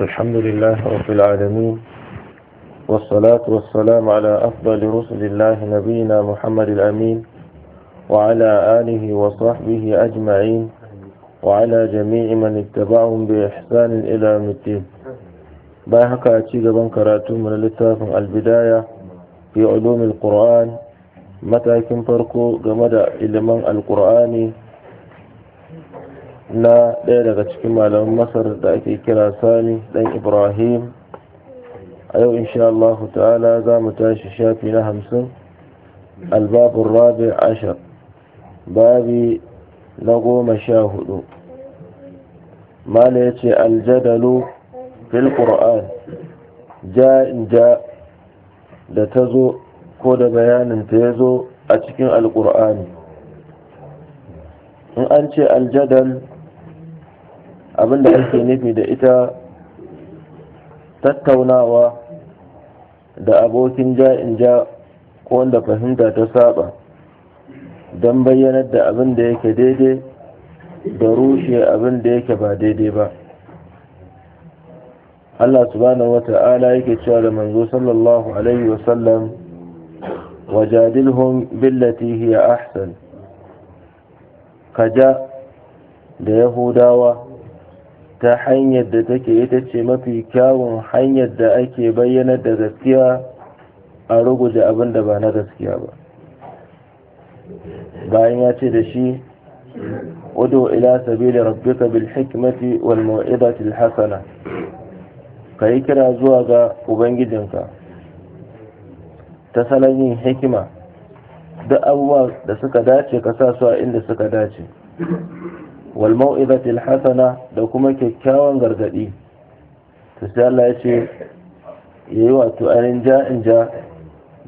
الحمد لله رب العالمين والصلاة والسلام على أفضل رسل الله نبينا محمد الأمين وعلى آله وصحبه أجمعين وعلى جميع من اتبعهم بإحسان إلى الدين باهك أتيك بنكراتو من لتاف البداية في علوم القرآن متى كن فرقو جمد إلمان القرآن na ɗaya daga cikin malaman masar da ake kira sani ɗan ibrahim a yau insha Allah ta'ala za mu tashi shafi na hamsin albabin rabi ashar babi na goma sha hudu mala ya ce aljadalu fil qur'an ja ja da ta zo ko da bayanin ta ya zo a cikin alƙur'ani in an ce aljadal abinda ake nufi da ita tattaunawa da abokin ja in ja wanda fahimta ta saba don bayyanar da abin da yake daidai da rushe abin da yake ba daidai ba Allah subhanahu wata'ala yake cewa da manzo sallallahu alaihi wasallam wajadilhum billati hiya ahsan kaja da yahudawa ta hanyar da take ita ce mafi kyawun hanyar da ake bayyana da gaskiya a ruguje abin da ba na gaskiya ba bayan ya ce da shi udu ila sabili rabbika bil hikmati wal mau'izati al hasana kai kira zuwa ga ubangijinka ta salon yin hikima Da abubuwa da suka dace ka sa su a inda suka dace wal mau'izatil hasana da kuma kyakkyawan gargadi to sai Allah ya ce yayi wato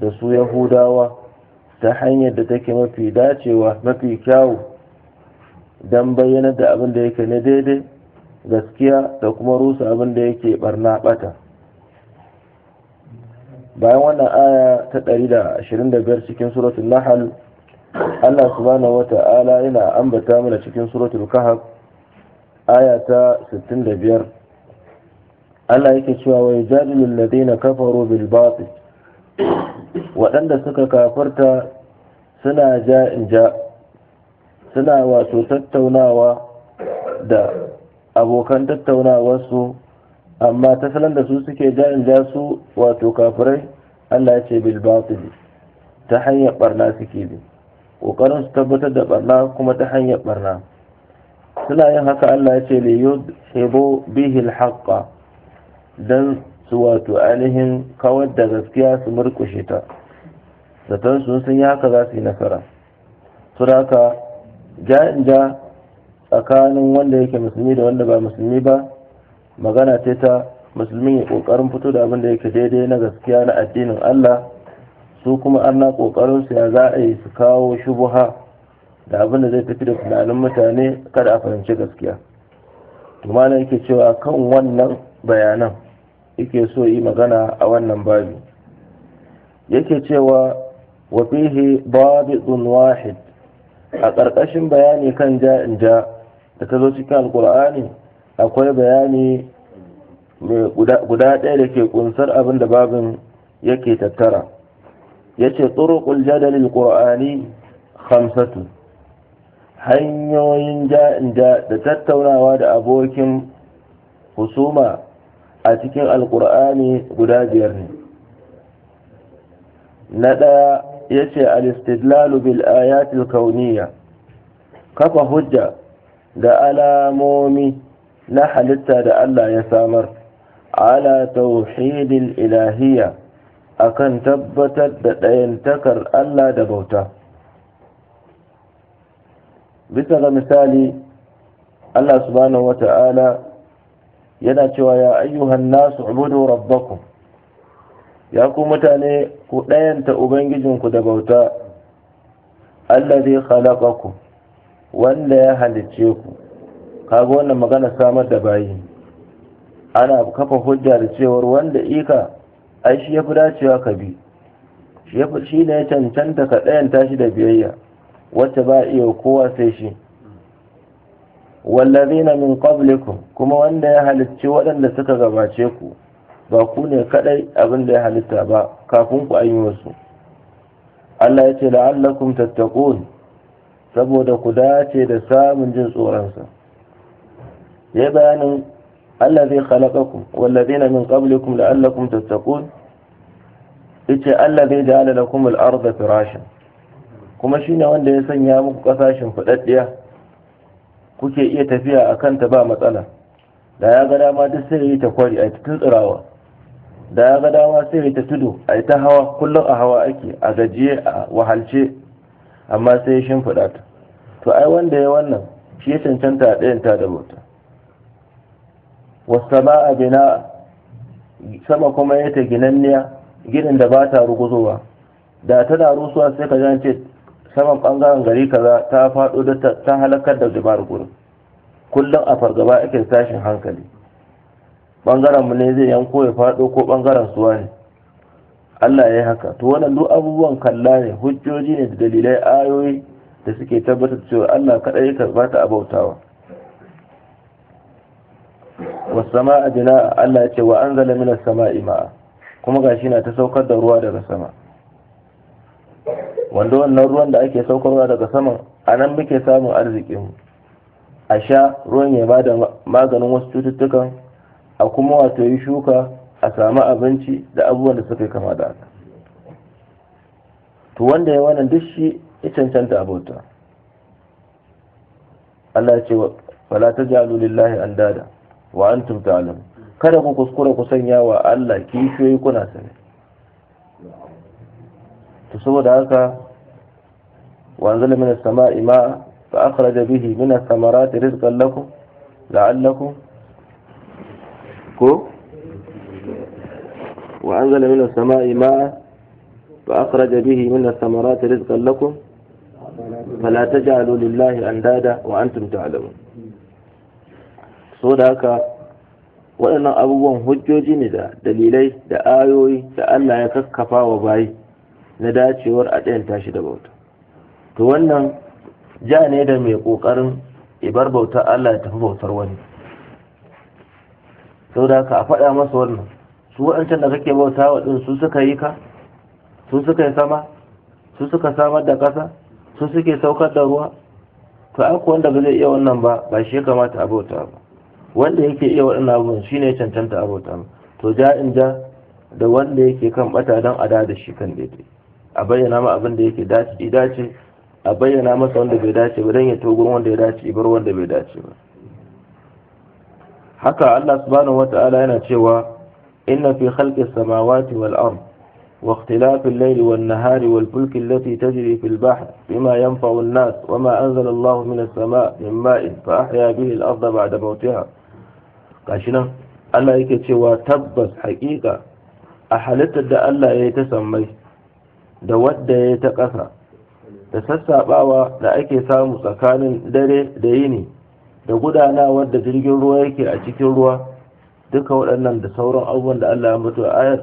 da su yahudawa ta hanyar da take mafi dacewa mafi kyawu don bayyana da abin da yake na daidai gaskiya da kuma rusa abin da yake barna bata bayan wannan aya ta 125 cikin suratul nahl Allah subhanahu wata'ala yana ambata mana cikin suratul kahf aya ta 65 Allah yake cewa wa yajadilul ladina kafaru bil batil waɗanda suka kafarta suna ja in ja suna wato tattaunawa da abokan tattaunawarsu amma ta salon da su suke ja in ja su wato kafirai Allah ya ce bil batil ta hanyar barna suke bi kokarin su tabbatar da barna kuma ta hanyar barna suna yin haka Allah ya ce li hebo bihi al dan su wato ainihin kawar da gaskiya su murkushe ta zaton sun sun yi haka za su yi nasara su haka ja tsakanin wanda yake musulmi da wanda ba musulmi ba magana ce ta musulmi ya kokarin fito da abin da yake daidai na gaskiya na addinin Allah su kuma arna kokarin su ya za a yi su kawo shubuha da abin da zai tafi da tunanin mutane kada a fahimci gaskiya to malam yake cewa kan wannan bayanan yake so yi magana a wannan babi yake cewa wa fihi babidun wahid a ƙarƙashin bayani kan ja'inja ja da ta zo cikin alkur'ani akwai bayani mai guda ɗaya da ke ƙunsar abin da babin yake tattara yace turuqul jadal alqur'ani khamsatu hanyoyin da tattaunawa da abokin husuma a cikin alqur'ani guda biyar ne na ɗaya yace ce istidlalu bil ayatil kauniya kafa hujja da alamomi na halitta da Allah ya samar ala tauhidil ilahiyya akan tabbatar da ɗayantakar Allah da bauta bisa ga misali Allah subhanahu wata'ala yana cewa ya ayyuhan nasu ubudu rabbakum ya ku mutane ku ɗayanta ubangijinku da bauta Allah zai allazi ku. wanda ya halicce ku kaga wannan magana samar da bayi ana kafa hujja da cewar wanda ika ai shi ya fi dacewa ka bi shi ne ya cancanta ka ɗayan tashi da biyayya wacce ba iya kowa sai shi na min qablikum kuma wanda ya halicci waɗanda suka gabace ku ba ku ne kadai abin da ya halitta ba kafin ku an wasu Allah ya ce la'allakum tattaqun saboda ku dace da samun jin tsoronsa ya bayanin allazi khalaqakum wallazina min qablikum la'allakum tattaqun yace zai ja'ala lakum al-ardha firashan kuma shine wanda ya sanya muku kasashin fudaddiya kuke iya tafiya akan ta ba matsala da ya ga dama duk sai yi ta kwari a cikin tsirawa da ya ga dama sai yi ta tudu a ta hawa kullum a hawa ake a gajiye a wahalce amma sai ya shimfiɗa to ai wanda ya wannan shi ya cancanta a ɗayan ta da bauta a bina sama kuma ya ginanniya ginin da ba ta ruguzowa da tana rusuwa sai ka jance saman bangaren gari kaza ta faɗo da ta halakar da jama'ar gurin kullum a fargaba ake tashin hankali bangaren mu ne zai yanko ya fado ko bangaren suwa ne Allah ya yi haka to wannan duk abubuwan kalla ne hujjoji ne da dalilai ayoyi da suke tabbatar cewa Allah kaɗai ka ta abautawa wasama bina Allah ya ce wa an zala minas sama ma'a kuma gashi na ta saukar da ruwa daga sama wanda wannan ruwan da ake saukarwa daga saman a nan muke samun arzikinmu a sha ruwan ya ba da maganin wasu cututtukan a kuma wato yi shuka a samu abinci da abubuwan da suka kama da haka to wanda ya wannan duk shi ya cancanta abota Allah ya ce wala ta lillahi an dada wa antum kada ku kuskura ku sanya wa Allah kishiyoyi kuna sani to saboda haka wa anzala minas sama'i ma'a fa bihi ko wa sama'i ma'a فأخرج به من الثمرات رزقا لكم فلا تجعلوا لله أندادا وأنتم تعلمون da haka waɗannan abubuwan hujjoji ne da dalilai da ayoyi da Allah ya kakkafa wa bayi na dacewar a ɗayan tashi da bauta to wannan ja ne da mai ƙoƙarin ibar bauta Allah ya tafi bautar wani da haka a faɗa masa wannan su waɗancan da kake bauta wa ɗin su suka yi ka su suka yi sama su suka samar da ƙasa su suke saukar da ruwa to akwai wanda ba zai iya wannan ba ba shi ya kamata a bauta ba wanda yake iya waɗannan abubuwan shine cancanta a bauta to ja in ja da wanda yake kan bata don a da shi kan daidai a bayyana ma abin da yake dace dace a bayyana masa wanda bai dace ba don ya togon wanda ya dace bar wanda bai dace ba haka Allah subhanahu wata'ala yana cewa inna fi khalqis samawati wal ard wa ikhtilafi al-layli wan nahari wal fulki allati tajri fil bahr bima yanfa'u an-nas wa ma anzala Allahu minas sama'i min ma'in fa ahya bihi al-ardha ba'da gashi nan Allah yake cewa tabbas haƙiƙa a halittar da Allah ya yi ta sammai da wadda ya yi ta ƙasa da sassaɓawa da ake samu tsakanin dare da yini da gudanawa da jirgin ruwa yake a cikin ruwa duka waɗannan da sauran abubuwan da Allah ya mutu a ayar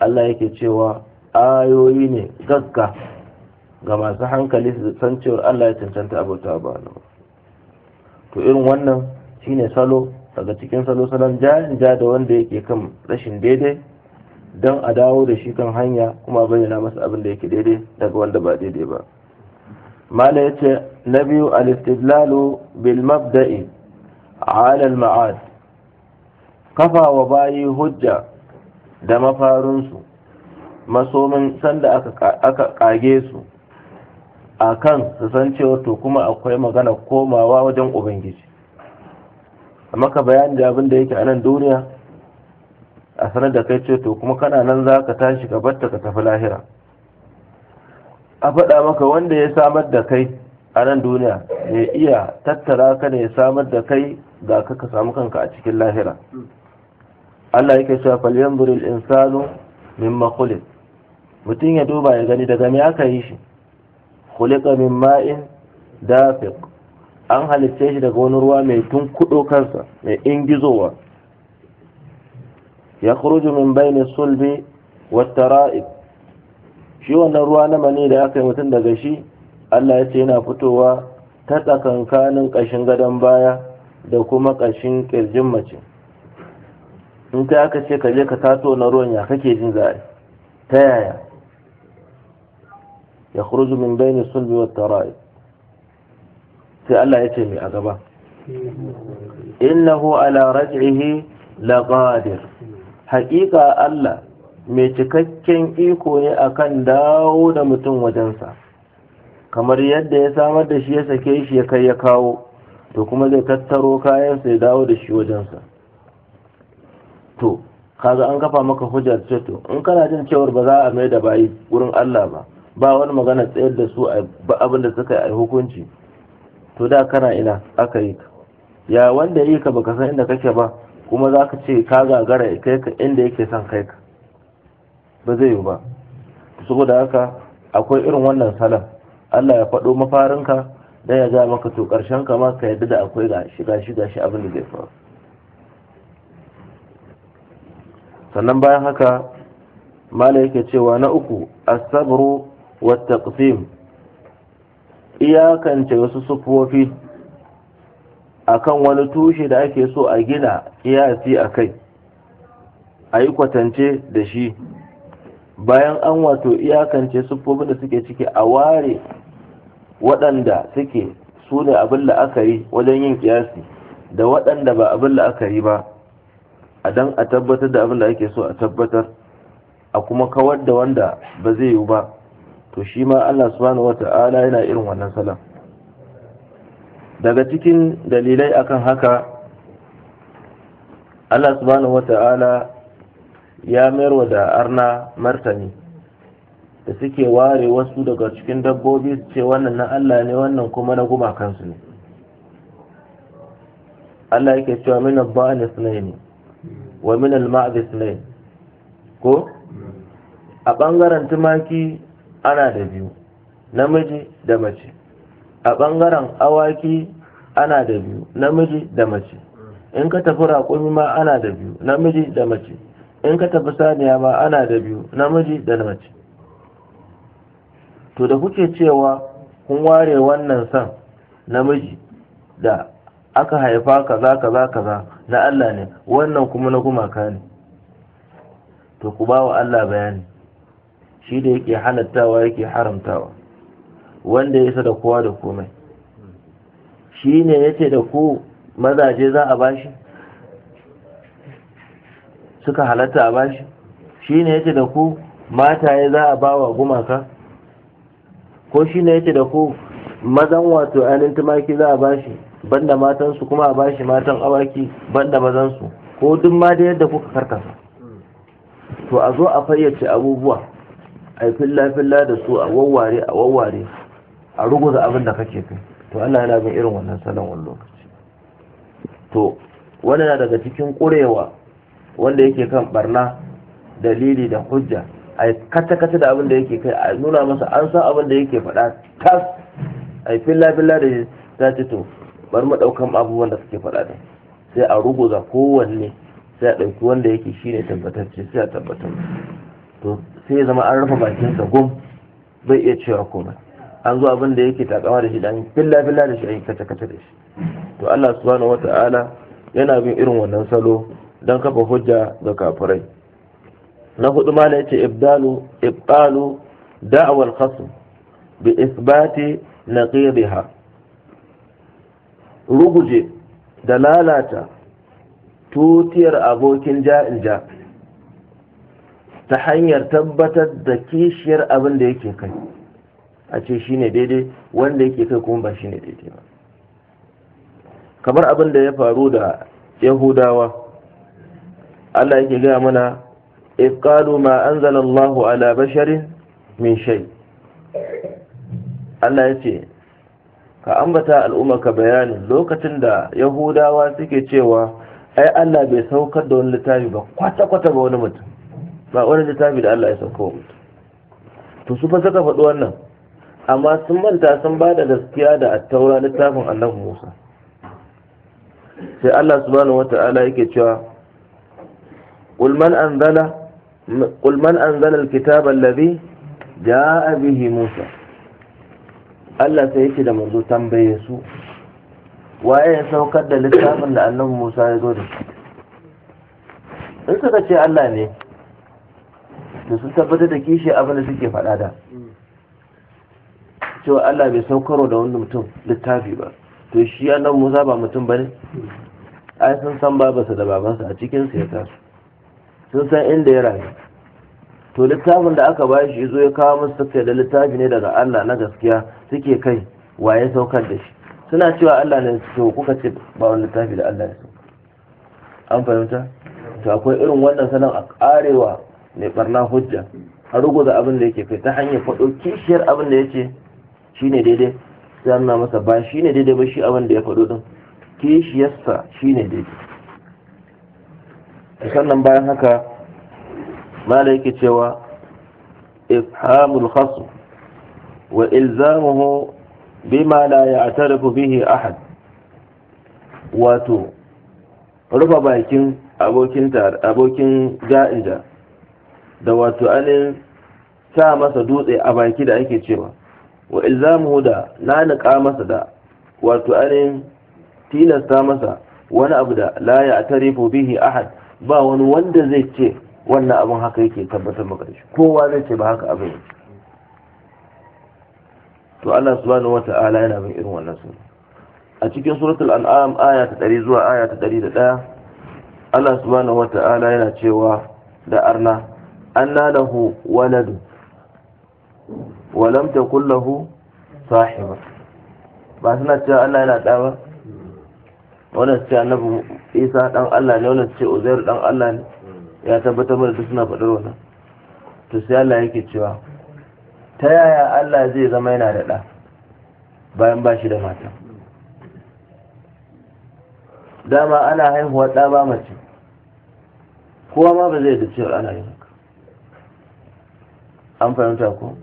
Allah yake cewa ayoyi ne gagga ga masu hankali su san cewa Allah ya cancanta abota ba to irin wannan shine salo daga cikin salosalan salon ja da wanda yake kan rashin daidai don a dawo da shi kan hanya kuma bayyana masa abin da yake daidai daga wanda ba daidai ba mala ya ce na biyu alistidlalu bil mabda'i alal ma'ad kafa wa bayi hujja da mafarinsu masomin sanda aka kage su a kan su san cewa to kuma akwai magana komawa wajen ubangiji maka bayani da abin da yake a nan duniya a sanar da kai ce to kuma kana nan za ka tashi ka batta ka tafi lahira a faɗa maka wanda ya samar da kai a nan duniya mai iya tattara ka ne ya samar da kai ga ka ka samu kanka a cikin lahira Allah yake cewa falyanzur in insanu min khuliq mutum ya duba ya gani daga me aka yi shi khuliqa min ma'in dafiq an halitta shi daga wani ruwa mai tun kudo kansa mai ingizowa ya kuruju min bayni sulbi wata ra'ib shi wannan ruwa na mani da aka yi mutum daga shi allah ya ce yana fitowa ta tsakankanin ƙashin gadon baya da kuma ƙashin ƙirjin mace in ta aka ce ka je ka tato na ruwan ya kake jin zai ta yaya ya kuruju min bayni sulbi wata ra'ib sai Allah ya ce mai a gaba innahu ala raj'ihi qadir haƙiƙa Allah mai cikakken iko ne akan dawo da mutum wajensa kamar yadda ya samar da shi ya sake shi ya kai ya kawo to kuma zai tattaro kayan sai dawo da shi wajensa to kaga an kafa maka hujjar ce to in kana jin cewar ba za a mai da bayi wurin Allah ba ba wani magana tsayar da su abin da suka yi hukunci to da kana ina aka yi ka ya wanda yi ka baka san inda kake ba kuma za ka ce ka gagara ya kai ka inda yake son kai ka ba zai yi ba saboda haka akwai irin wannan salam Allah ya faɗo mafarinka da ya ga maka to ƙarshen ka ka yadda da akwai ga shiga shiga shi abin da zai faru sannan bayan haka mala yake cewa na uku as-sabru wa taqsim iyakance wasu sufofi akan wani tushe da ake so a gina kiyasi a kai a yi kwatance da shi bayan an wato iyakance siffofin da suke ciki a ware waɗanda suke su ne abin la'akari wajen yin kiyasi da waɗanda ba abin la'akari ba a don a tabbatar da abin da ake so a tabbatar a kuma kawar da wanda ba zai yiwu ba to shi ma Allah subhanahu wata'ala yana irin wannan salam daga cikin dalilai akan haka Allah subhanahu wata'ala ya mayarwa da arna martani da suke ware wasu daga cikin dabbobi su ce wannan na Allah ne wannan kuma na gumakansu ne Allah yake cewa min al-ba'al ne, wa min al-ma'd ithnayn ko a ɓangaren tumaki ana da biyu namiji da mace a ɓangaren awaki ana da biyu namiji da mace in ka tafi raƙumi ma ana da biyu namiji da mace in ka tafi saniya ma ana da biyu namiji da mace to da kuke cewa kun ware wannan san namiji da aka haifa kaza kaza kaza na Allah ne wannan kuma na gumaka ne to ku ba wa Allah bayani shi da yake halattawa yake haramtawa wanda ya da kowa da komai shi ne ya ce da ku mazaje za a bashi suka halatta a bashi shi ne ce da ku mataye za a bawa gumaka ko shi ne ce da ku mazan wato ainihin tumaki za a bashi banda matansu kuma a bashi matan awaki banda mazansu ko duk ma da yadda kuka karkasa to a zo a fayyace abubuwa a yi filla-filla da su a wawware a wawware a ruguza abin da kake kai to Allah yana bin irin wannan salon wani lokaci to wani na daga cikin ƙurewa wanda yake kan barna dalili da hujja a yi kata-kata da abin da yake kai a nuna masa an san abin da yake faɗa tas a yi filla-filla da ta ce to bar maɗaukan abubuwan da suke faɗa da sai a ruguza kowanne sai a ɗauki wanda yake shine ce sai a tabbatar to sai ya zama an rufe bakinsa gum bai iya cewa komai an zo abin da yake takama da shi dan filla filla da shi an kace kace da shi to Allah subhanahu wata'ala yana bin irin wannan salo dan kafa hujja ga kafirai na hudu ma yace ibdalu ibqalu da'wal khasm bi isbati naqidha ruguje da lalata tutiyar abokin ja'in ja' ta hanyar tabbatar da kishiyar abin da yake kai a ce shi ne daidai wanda yake kai kuma ba shi ne daidai ba kamar abin da ya faru da yahudawa allah yake gaya mana iqalu ma anzalallahu allahu ala basharin min shai. allah ya ce ka ambata al'ummarka bayanin lokacin da yahudawa suke cewa ai allah bai saukar da wani littafi ba kwata-kwata ba wani mutum ba wani littafi da Allah ya sauka wa to su fa suka faɗi wannan amma sun manta sun ba da gaskiya da attaura littafin annabi Musa sai Allah subhanahu wata'ala yake cewa qul man anzala qul man anzala alkitaba alladhi bihi Musa Allah sai yake da manzo tambaye su waye ya saukar da littafin da annabi Musa ya zo da shi suka ce Allah ne to sun tabbatar da kishi abin da suke faɗa da cewa Allah bai saukaro da wani mutum littafi ba to shi annan Musa ba mutum bane ai sun san babansa da babansa a cikin sa ya taso sun san inda ya rayu to littafin da aka ba shi zo ya kawo musu tafiya da littafi ne daga Allah na gaskiya suke kai waye saukar da shi suna cewa Allah ne to kuka ce ba wani littafi da Allah ya sauka an fahimta to akwai irin wannan salon a karewa mai barna hujja a ruguza abin da yake kai ta hanyar faɗo kishiyar abin da ya ce shi ne daidai sai nuna masa ba shi ne daidai ba shi abin da ya faɗo ɗin kishiyarsa shi ne daidai sannan bayan haka mala yake cewa ifhamul khasu wa ilzamuhu bima la ya'tarifu bihi ahad wato rufa bakin abokin abokin ja'inja da wato anin sa masa dutse a baki da ake cewa wa ilzamu da nanika masa da wato anin tilasta masa wani abu da la ya tarifu bihi ahad ba wani wanda zai ce wannan abin haka yake tabbatar maka da shi kowa zai ce ba haka abin yake to Allah subhanahu wata'ala yana bin irin wannan sunan a cikin suratul an'am aya ta 100 zuwa aya ta 101 Allah subhanahu wata'ala yana cewa da arna anna lahu waladu wa lam takul lahu sahiba ba suna cewa Allah yana da ba wannan ce annabi Isa dan Allah ne wannan ce Uzair dan Allah ne ya tabbatar mana duk suna faɗar wannan to sai Allah yake cewa ta yaya Allah zai zama yana da bayan ba da mata dama ana haihuwa ɗa mace kowa ma ba zai da cewar an fahimta ko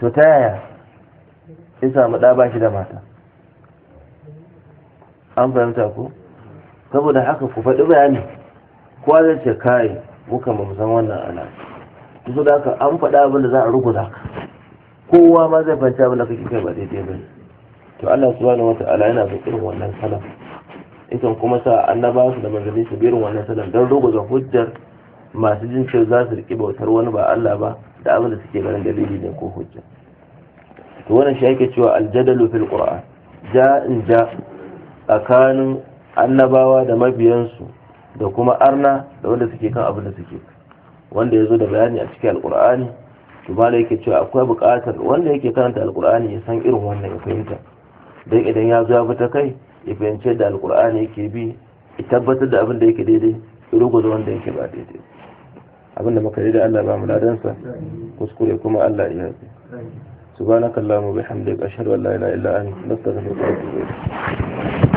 to ta yaya ya samu ɗa ba shi da mata an fahimta ko saboda haka ku faɗi bayani kowa zai ce kai muka ba san wannan ana su da haka an faɗa abin da za a ruguza ka kowa ma zai fahimci abin da kake kai ba daidai ba to Allah subhanahu wata'ala yana da irin wannan salam ikan kuma sa annabawa su da manzanni su irin wannan salam don ruguza hujjar masu jin cewa za su riƙi bautar wani ba Allah ba da abin da suke ganin dalili ne ko hujja to wannan shi ake cewa aljadalu fil qur'an ja in ja tsakanin annabawa da mabiyansu da kuma arna da wanda suke kan abin da suke wanda ya zo da bayani a cikin alkur'ani to ba yake cewa akwai buƙatar wanda yake karanta alkur'ani ya san irin wannan ya fahimta dai idan ya zo ya fita kai ya fahimci da alkur'ani yake bi ya tabbatar da abin da yake daidai ya da wanda yake ba daidai abinda muka yi da Allah ba mu ladansa kuskure kuma Allah ya yi subhanakallahumma bihamdika ashhadu an la ilaha illa anta astaghfiruka wa atubu ilayk